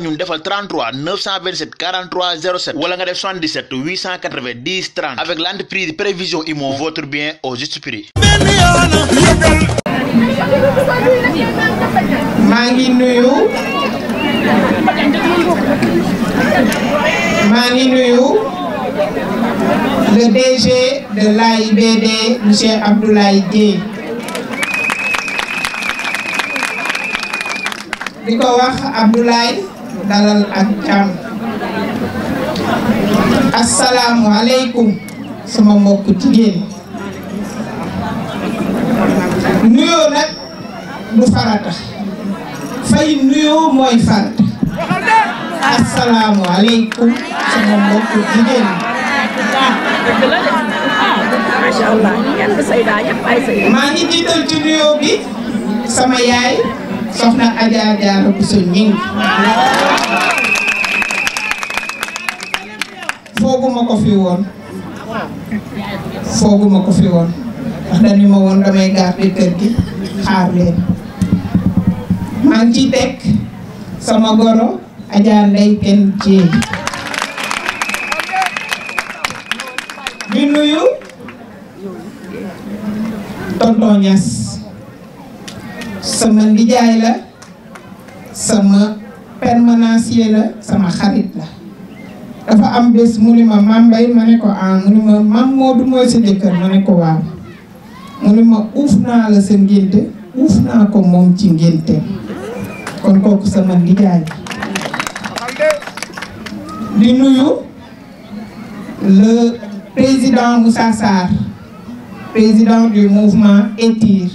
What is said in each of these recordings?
nous 33 927 43 07 wala nga 77 890 30 avec l'entreprise prévision immo votre bien au juste prix. mangi nuyu le DG de l'AIBD monsieur Abdoulaye Dièye Abdoulaye dalal ak jàmm asalaamualeykum sama mbokk jigéen nuyoo nag du farata fay nuyoo mooy farata asalaamualeykum sama mbokk jigéen maa ngi jiital ci nuyoo bi sama yaay soxna Adja Diarra Bousso Gningue Fogu ko fi won fooguma ko fi won ndax dañu ma won damay garder gi xaar sama goro Adja ndey ken ci di nuyu tonton sama ndijay la sama permanence la sama xarit la dafa am bés mu ni ma Mame Mbaye ma ne ko ah mu ni ma Mame Modou mooy sa jëkkër ma ne ko waaw mu ni ma uuf naa la sa ngénte uuf naa ko moom ci ngénte kon kooku sama nijaay di nuyu le président Moussa Sarr président du mouvement ETIR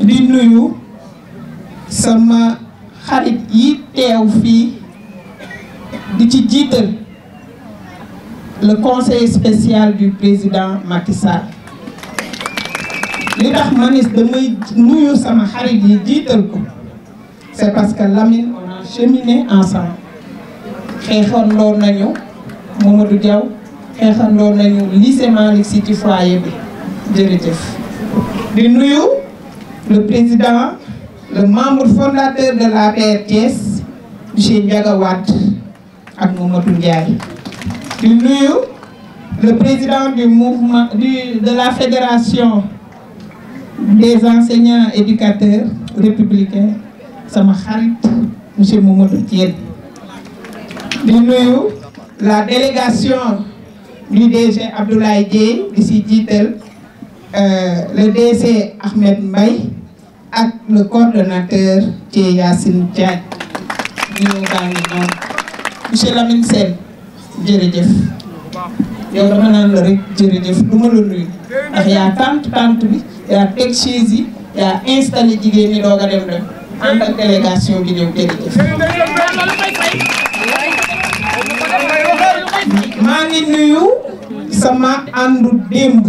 di nuyu sama xarit yi teew fii di ci le conseiller spécial du président Macky Sall li tax de damay nuyu sama xarit yi ko c'est parce que Lamine on a cheminé ensemble xeexandoon nañu Mamadou Diaw xeexandoon nañu lycée Malik Sy ci foyer bi jërëjëf di nuyu le président le membre fondateur de la Thiès jean Ndiaga Wade ak Ndiaye di le président du mouvement de la fédération des enseignants éducateurs républicains sama xarit monsieur Mamadou Thiel di la délégation du DG Abdoulaye Dieye di euh, le DC Ahmed Mbaye et le coordonnateur Thié yassine Diagne monsieur Lamine Sène jërëjëf yow dama naan la rek jërëjëf du ma la nuyu ndax yaa tànt tànt bi yaa teg chaise yi yaa installé jigéen ñi doog a dem dem ànd ak délégation bi ñëw jërëjëf. maa ngi nuyu sama Andu démb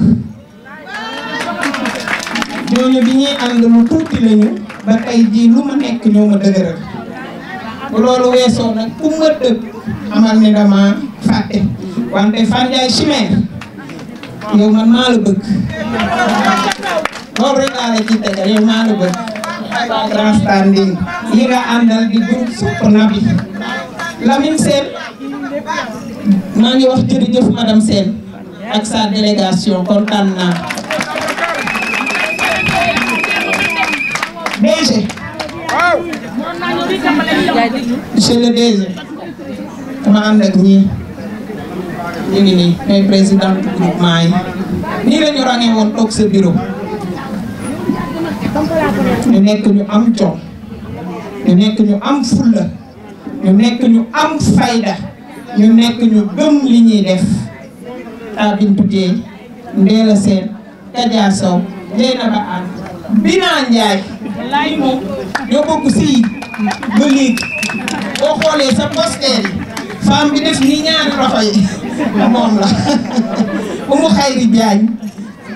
ñooñu bi ñuy ànd lu tuuti lañu ba tey jii lu ma nekk ñoo ma dëgëral bu loolu ku ma dëgg. xamal ne dama fàtte wante Fat Ndiaye chimère yow man bëgg loolu rek laa la ci tegal yow maa la bëgg grandstanding yi nga àndal di groupe supp nabi Lamine Sène maa ngi wax jërëjëf madame Sène ak sa délégation kontaan naa DG monsieur le DG ma ànd ak ñii ñu ngi nii ñooy président groupement yi nii la ñu woon toog sa bureau ñu nekk ñu am jom ñu nekk ñu am fulla ñu nekk ñu am fayda ñu nekk ñu gëm li ñuy def taa Bintu Dieye Ndeela Seen Kaja Sow Jeynaba An Binaa Njaay lay moom ñoo bokk si ba léegi boo xoolee sa posteel femme bi def nii ñaari loxo yi la Umu khairi Jaañ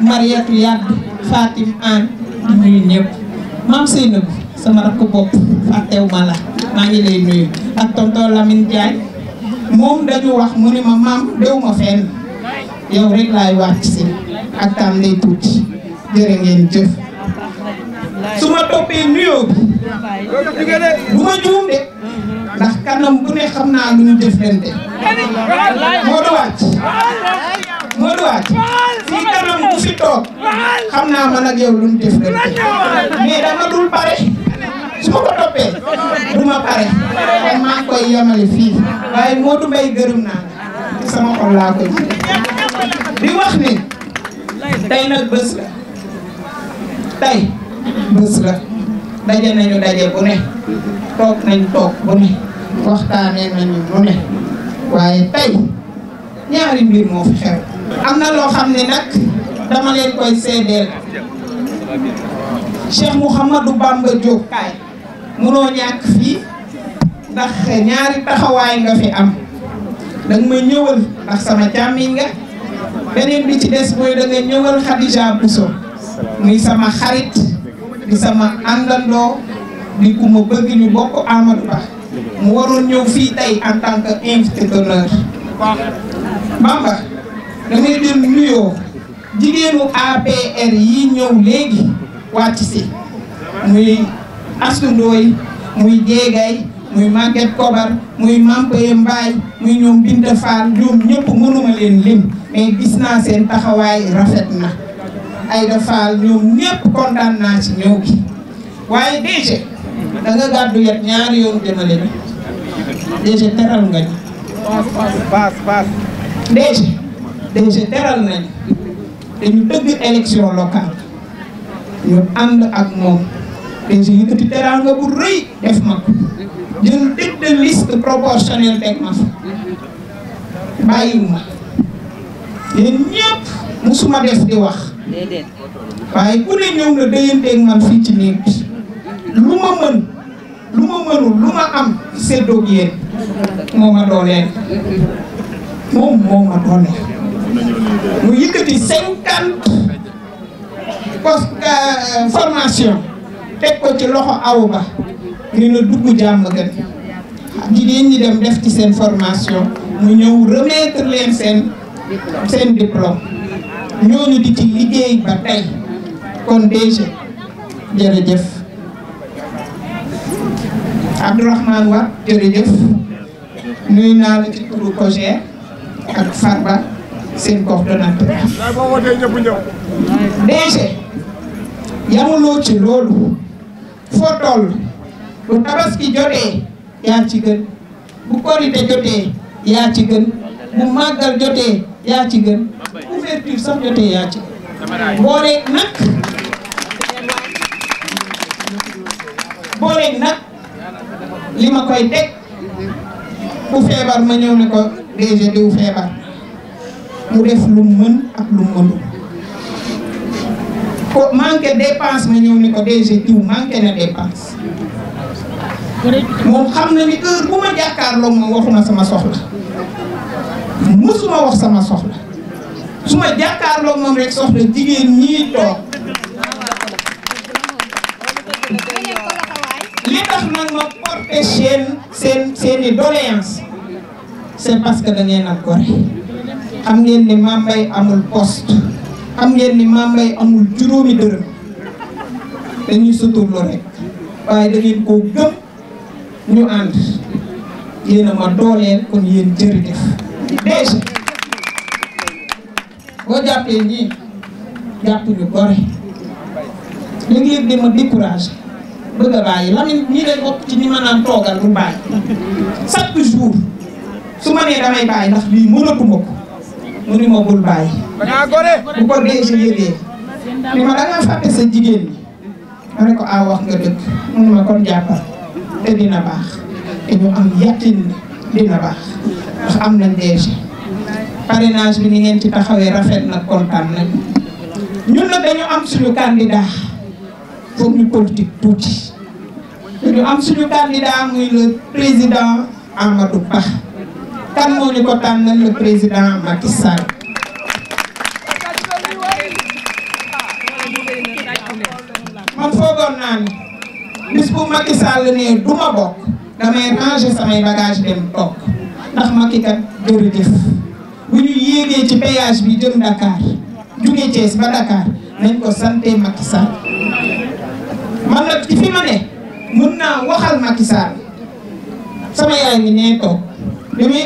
Mariatu yad Fatim An di nuyu ñëpp maam Seynabou sama ko bop fatew mala Muni ngi lay nuyu ak tonto Lamine Jaañ mom dañu wax mu ne ma mam dew ma yow rek lay ci ak tam lay tout jere ngeen jëf suma topé de ndax kanam bu xam naa lu ñu jëflante Modou Wathie Modou Wathie si kanam bu fi toog xam naa man ak yow lu ñu jëflante mais dama dul pare su ma ko toppee du pare kon maa koy yemale fii waaye Modou Mbaye gërëm naa ci sama xol laa koy wax ni tey nag bés la tey bés la daje nañu daje bu ne toog nañ toog bu ne waxtaanee nañu bu ne waaye tey ñaari mbir moo fi xew am na loo xam ne nag dama leen koy seedeel Cheikh Mouhamadou Bamba Diop kaay munoo ñàkk fii ndax ñaari taxawaay nga fi am danga may ñëwal ndax sama càmmiñ nga neen bi ci des mooy da nga ñëwal Khadija Bousso muy sama xarit di sama àndandoo di ku à? vâng. vâng ma bëgg ñu bokk Amadou Ba mu waroon ñëw fii tey en tant que invité d'honneur Bamba damay jël nuyoo jigéenu APR yi ñëw léegi wàcc si muy Astou Ndoye muy Jéegay muy Maguette Kobar muy Mampaye Mbaye muy ñoom Binta Fall ñoom ñëpp mënuma leen lim mais gis naa seen taxawaay rafet na Aïda Fall ñoom ñëpp kontaan naa ci ñëw gi waaye DG da nga gàddu yet ñaari yoon jëmale dèjà teral pas, paas paas dèjà dèjà teral nañ dañu dëgg élection locale ñu ànd ak moom dèjà yëkkati teral nga bu def ma jël tête de liste proportionnelle teg ma fa bàyyiwuma yéen ñëpp musuma def di man lu ma mën lu ma mënul lu ma am seddoog yéen moo ma dooleel moom moo ma dooleel mu yëkkati cinquante euh, formation teg ko ci loxo aw ba ni na dugg jàmm gën jigéen ñi dem def ci seen formation mu ñëw remettre leen seen seen diplôme ñooñu di ci liggéey ba tey kon déjà jërëjëf Abdourahmane Wat jërëjëf nuy naa la ci turu projet ak Farba seen coordonnateur. DG yamuloo ci loolu foo toll bu tabaski jotee yaa ci gën bu korite jotee yaa ci gën bu màggal jotee yaa ci gën ouverture sax jotee yaa ci gën nag booleeg nag. li ma koy teg bu feebar ma ñëw ne ko DG diw feebar mu def lu mën ak lu mu mënul ko manqué dépense ma ñëw ne ko DG diw manqué na dépense moom xam na ni heure bu ma jàkkaarloo moom waxuma sama soxla musuma wax sama soxla su ma jàkkaarloo moom rek soxla jigéen ñii toog jéem a porter seen seen doléance c'est parce que da ngeen a gore ngeen ni Mame Mbaye amul poste xam ngeen ni Mame amul juróomi dërëm dañuy suturlu rek waaye da koo gëm ñu ànd yéen ma dooleel kon yéen jërëjëf déjà boo jàppee ñii jàpp ñu gore ñu ngi yëg di ma bëgg a bàyyi Lamine ñi day bokk ci ñi ma naan toogal bu bàyyi chaque jour su ma nee damay bàyyi ndax lii mënatuma ko mu ni ma bul bàyyi bu ko dee si ma da ngaa fàtte jigéen ñi ne ko a ah, wax nga dëgg mu ma kon jàppal te dina baax te ñu am yàqin dina baax ndax am na déjà parrainage bi ni ngeen ci taxawee rafet na kontaan nañ ñun nag dañu am suñu candidat pour ñu politique tuuti ñu am suñu candidat muy le président Amadou Ba kan moo ñu ko tànnal le président Macky Sall man foogoon naa ni bis bu Macky Sall nee du ma bokk damay ranger samay bagage dem toog ndax Macky kat jërëjëf bu ñu yéegee ci péage bi jëm Dakar jugee Thiès ba Dakar nañ ko sante Macky man la ci fi ma ne mun naa waxal Macky Sall sama yaay mi nee toog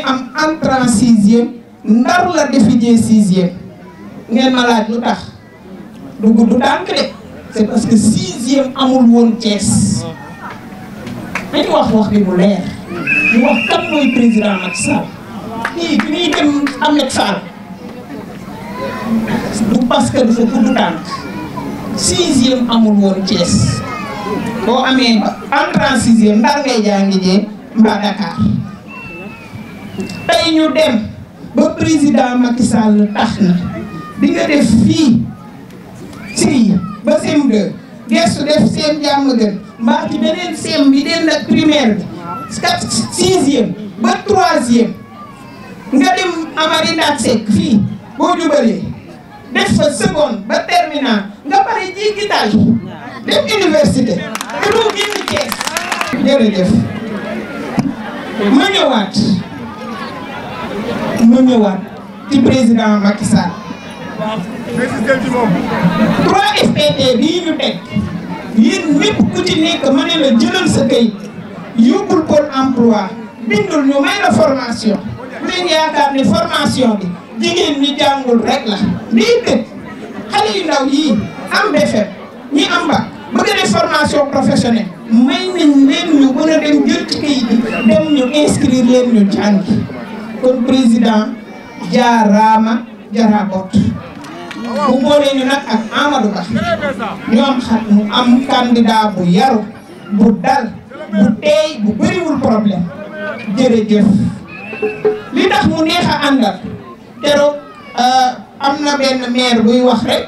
am entrée en lah ndar la defi jee sixième ngeen ma laaj lu tax du gudd tànk de c'est parce que sixième amul woon ini dañu wax wax bi mu leer ñu wax kan mooy président Macky Sall dem Ahmed Sall du parce que sixième amul woon Thiès boo amee entrant sixième ndar ngay jàngi jee tey ñu dem ba président Macky Sall tax na di nga def fii ci ba CM2 gestu def seen jàmm gën mbaa beneen CM bi dend ak primaire bi quatre sixième ba troisième nga dem Amary Ndack Seck fii boo jubalee def fa seconde ba terminal nga pare ji gitaar dem université te doo génn Thiès. jërëjëf ma ñëwaat ma ñëwaat ci président Macky Sall. trois FPT bii ñu teg yéen ñëpp ku ci nekk ma ne la jëlal sa kayit yóbbul emploi bindul ñu may la formation nañ yaakaar ne formation bi jigéen ñi jàngul rek la lii dëkk xale yu ndaw yii am BFEM ñi am bac bëgg nañ formation professionnelle may nañ leen ñu mën a dem jël ci dem ñu inscrire leen jàngi kon président jaaraama jaraboot bu boolee ñu nag ak Amadou Ba ñu am xam bu yaru bu dal bu teey bu bëriwul problème jërëjëf li tax mu neex a àndal te euh, am na benn maire buy wax rek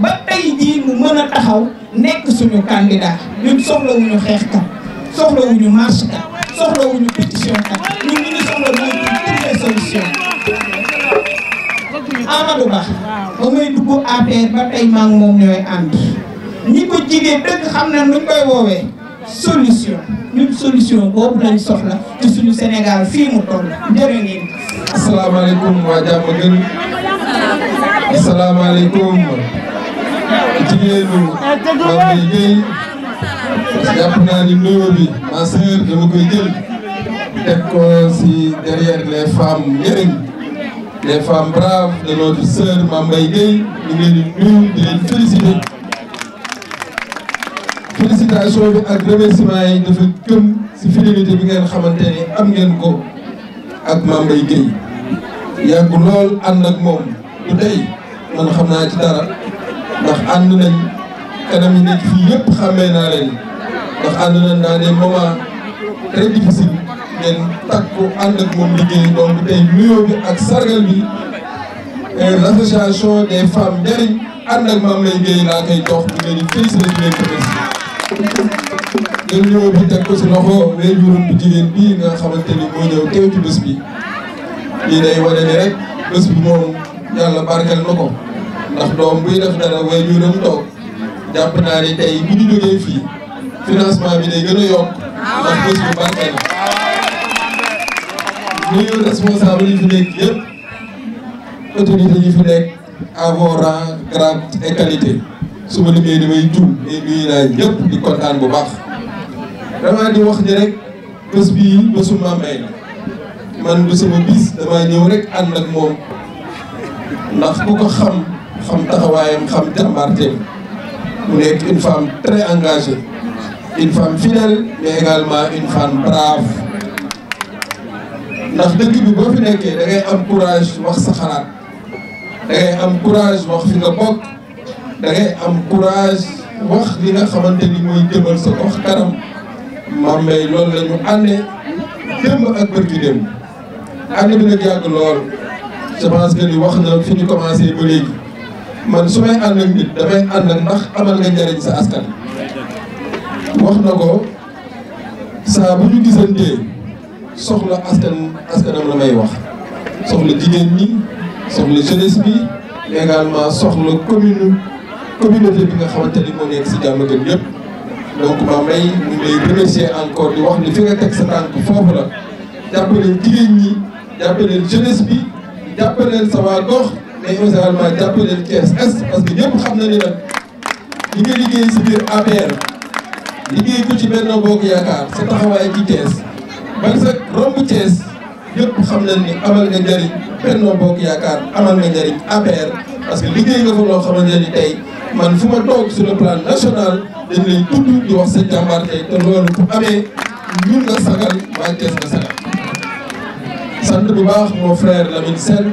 ba tey jii mu mën a taxaw nekk suñu candidat ñun soxlawuñu xeex kat soxlawuñu marche kat soxlawuñu pétition kat ñun ñu ngi soxla mooy trouver solution. Amadou Ba ba may dugg APR ba tey maa moom ñooy ànd ñi ko jigee dëgg xam na nuñ koy woowee solution ñun solution boobu lañ soxla ci suñu Sénégal fii mu toll jërë ngeen. asalaamaaleykum waa jàmm gën asalaamaaleykum. ci weeru Mame Mbaye jàpp naa ni nuyoo bi ma koy jël teg ko si derrière les femmes njëriñ les femmes braves de notre sœur Mame ngi leen di nuyu di leen yi dafa gëm si fidélité bi ngeen xamante ni am ngeen ko ak lool ànd ak moom du tey man xam naa ci dara. ndax ànd nañ kanam yi nekk fii yëpp xàmmee naa leen ndax ànd nañ dans des moments très difficiles ngeen takku ànd ak moom liggéey donc tey nuyoo bi ak sargal bi euh, l'association des femmes njëriñ ànd ak Mame Lay Gueye laa koy jox bu nga ni moo ñëw teew bés bi lii day wane rek bés bi moom yàlla barkeel na ko. ndax doom buy def dara way juróom toog jàpp naa ni tey bu ñu jógee fii financement bi day gën a yokk ndax bés bu barke la nuyu responsable yi fi nekk yëpp autorité yi fi nekk à vos rangs grades et damay juum mais nuyu naa di kontaan bu baax vraiment di wax ni rek bés bii bésu Mame Mbaye la man du sama bis damaa ñëw rek ànd ak moom ndax ku ko xam xam taxawaayam xam jàmbaarteem mu nekk une femme très engagée une femme fidèle mais également une femme brave ndax dëkk bi boo fi nekkee da ngay am courage wax sa xalaat da ngay am courage wax fi nga bokk da ngay am courage wax li nga xamante ni mooy jëmal sa wax kanam Mame Mbaye loolu la ñu àndee démb ak bërki démb ànd bi nag yàgg lool je pense que ni wax na fi ñu commencé ba léegi. man su may ànd ak nit damay ànd ak ndax amal nga njëriñ sa askan. wax na ko saa bu ñu gisantee soxla askan askanam la may wax soxla jigéen ñi soxla jeunesse bi également soxla commune communauté bi nga xamante ni moo nekk si jàmm gën yëpp. donc ma may ñu ngi lay encore di wax ni fi nga teg sa tànk foofu la jàppaleen jigéen ñi jàppaleen jeunesse bi jàppaleen sa waa mais éventuellement jàppale Thiès parce que ñëpp xam na ni nag li nga liggéey si biir APR liggéey ko ci Benno Bokk Yaakaar sa taxawaay ci Thiès ba sa romb Thiès ñëpp xam na ni amal nga njëriñ Benno Bokk Yaakaar amal nga njëriñ APR parce que liggéey nga fa loo xamante ni tey man fu ma toog sur le plan national dañ lay tudd di wax sa jàmbaarte te loolu bu amee ñun nga sagal waa Thiès nga sant bu baax mon frère Lamine Sène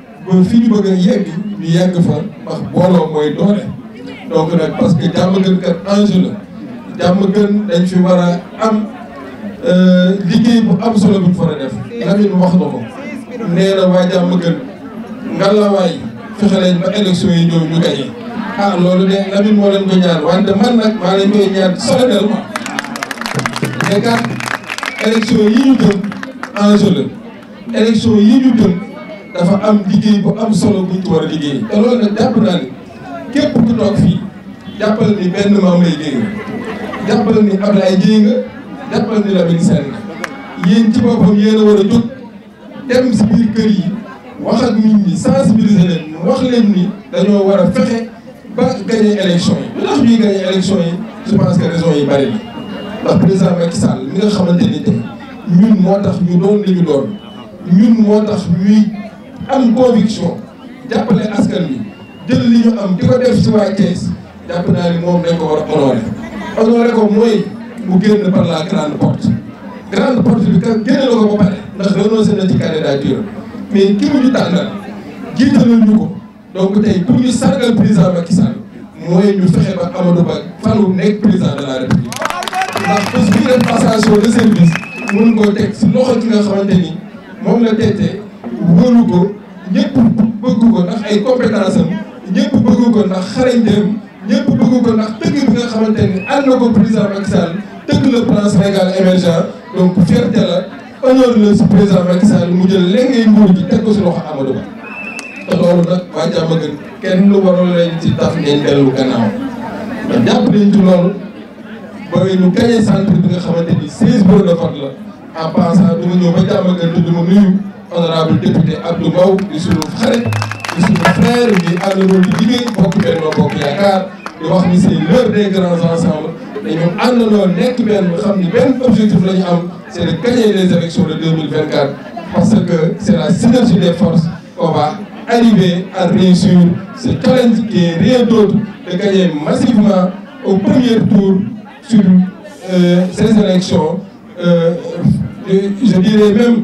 boo fi ñu bëgg a yegg ñu yegg fa ndax booloo mooy doole donc nag parce que jàmm gën kat enjeu la jàmm gën dañ fi war am euh, liggéey bu am solo bu ñu fa def Lamine wax na ko nee na waa jàmm gën ngalawaay fexe ba élection yi ñu gañe ah loolu yi ñu jëm dafa am liggéey bu am solo a loolu nag jàpp naa képp ku toog fii ni benn maam lay jàppal ni nous nga jàppal ni ci a war a dem si biir kër yi sensibiliser wax ni a ba élection yi élection je pense que raison yi bari na président Macky mi nga xamante ni ñun moo ñu doon ñu doon ñun am conviction jàppale askan bi jël li ñu am di ko def ci waa Thiès jàpp naa ni moom dañ war a honoré honoré ko mooy mu génn bi ka génne na ko ba pare ndax renoncé mooy ñu fexe ba Amadou Ba falu nekk président de la République ndax teg si loxo ki nga xamante ni moom la teetee wóolu ko. ñëpp bëgg ko ndax ay compétence am ñëpp bëgg ko ndax xarañteem ñëpp bëgg ko ndax tëgg bi nga xamante ni na ko président Macky Sall tëgg le plan Sénégal émergent donc fierté la honneur la si président Macky Sall mu jël léegi nguur gi teg ko si loxo Amadou Ba te loolu nag waa jàmm gën kenn lu waroon lañ ci taf ngeen gannaaw nañ ci ba ñu gagné centre bi nga 16 la en passant ñëw ba gën nuyu. honorable député Abdou Mbow di frère, xarit di frères frère di àndandoo di liggéey bokk Benno Bokk Yaakaar un c'est l'heure des grands ensembles Nous, àndandoo nekk benn xam ni benn objectif c'est de gagner les élections de 2024 parce que c'est la synergie des forces qu'on va arriver à réussir ce challenge qui est rien d'autre de gagner massivement au premier tour sur euh, ces élections euh, je dirais même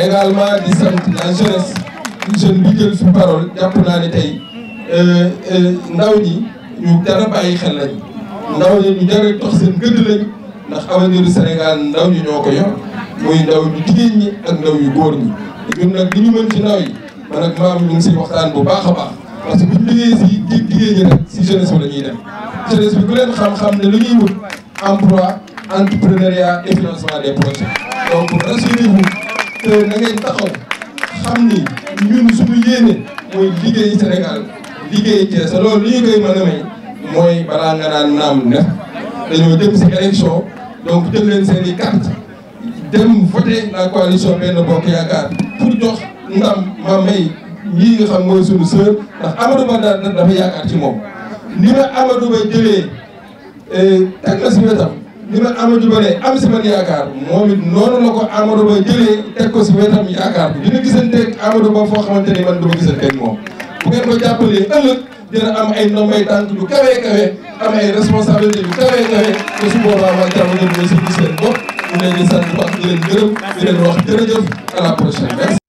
également di sant la jeunesse jeune bi jël fi parole jàpp naa ne tey euh, euh, ndaw ñi ñu dara bàyyi xel lañu ndaw ñi ñu dara tox seen gëdd lañu ndax avenir du Sénégal ndaw ñi ñoo ko yor muy ndaw ñu jigéen ñi ak ndaw yu góor ñi ñun nag li ñu mën ci ndaw yi man ak maam ñu ngi bu baax a baax parce si di liggéey ñi nag si jeunesse bi la ñuy dem jeunesse bi ku leen xam-xam ne lu ñuy wut emploi entrepreneuriat et financement des projets donc rassurez-vous te na ngeen taxaw xam ni ñun suñu yéene mooy liggéey Sénégal liggéey Thiès loolu li ñu koy mën a may mooy balaa nga daan naam ne dañoo jëm si élection donc jël leen seen i dem voté la coalition benn bokk yaakaar pour jox ndam ma may ñii nga xam mooy suñu sœur ndax Amadou Ba daal dafa yaakaar ci moom ni ma Amadou Ba jëlee eh, teg na si wetam ñu ne Amadou Ba ne am si man yaakaar moom it noonu la ko Amadou Ba jëlee teg ko si wetam yaakaar bi dina gisanteeg Amadou Ba foo xamante ni man du ma gisanteeg moom bu ngeen ko jàppalee ëllëg dina am ay ndombay tànk yu kawee kawe am ay responsabilité yu kawee kawe te su boobaa waa jàmm ngeen ñëw si seen bopp ñu leen di sant wax di leen gërëm di leen wax jërëjëf à la prochaine merci